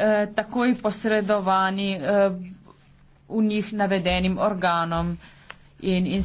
Eh, takoj posredovani eh, v njih navedenim organom in, in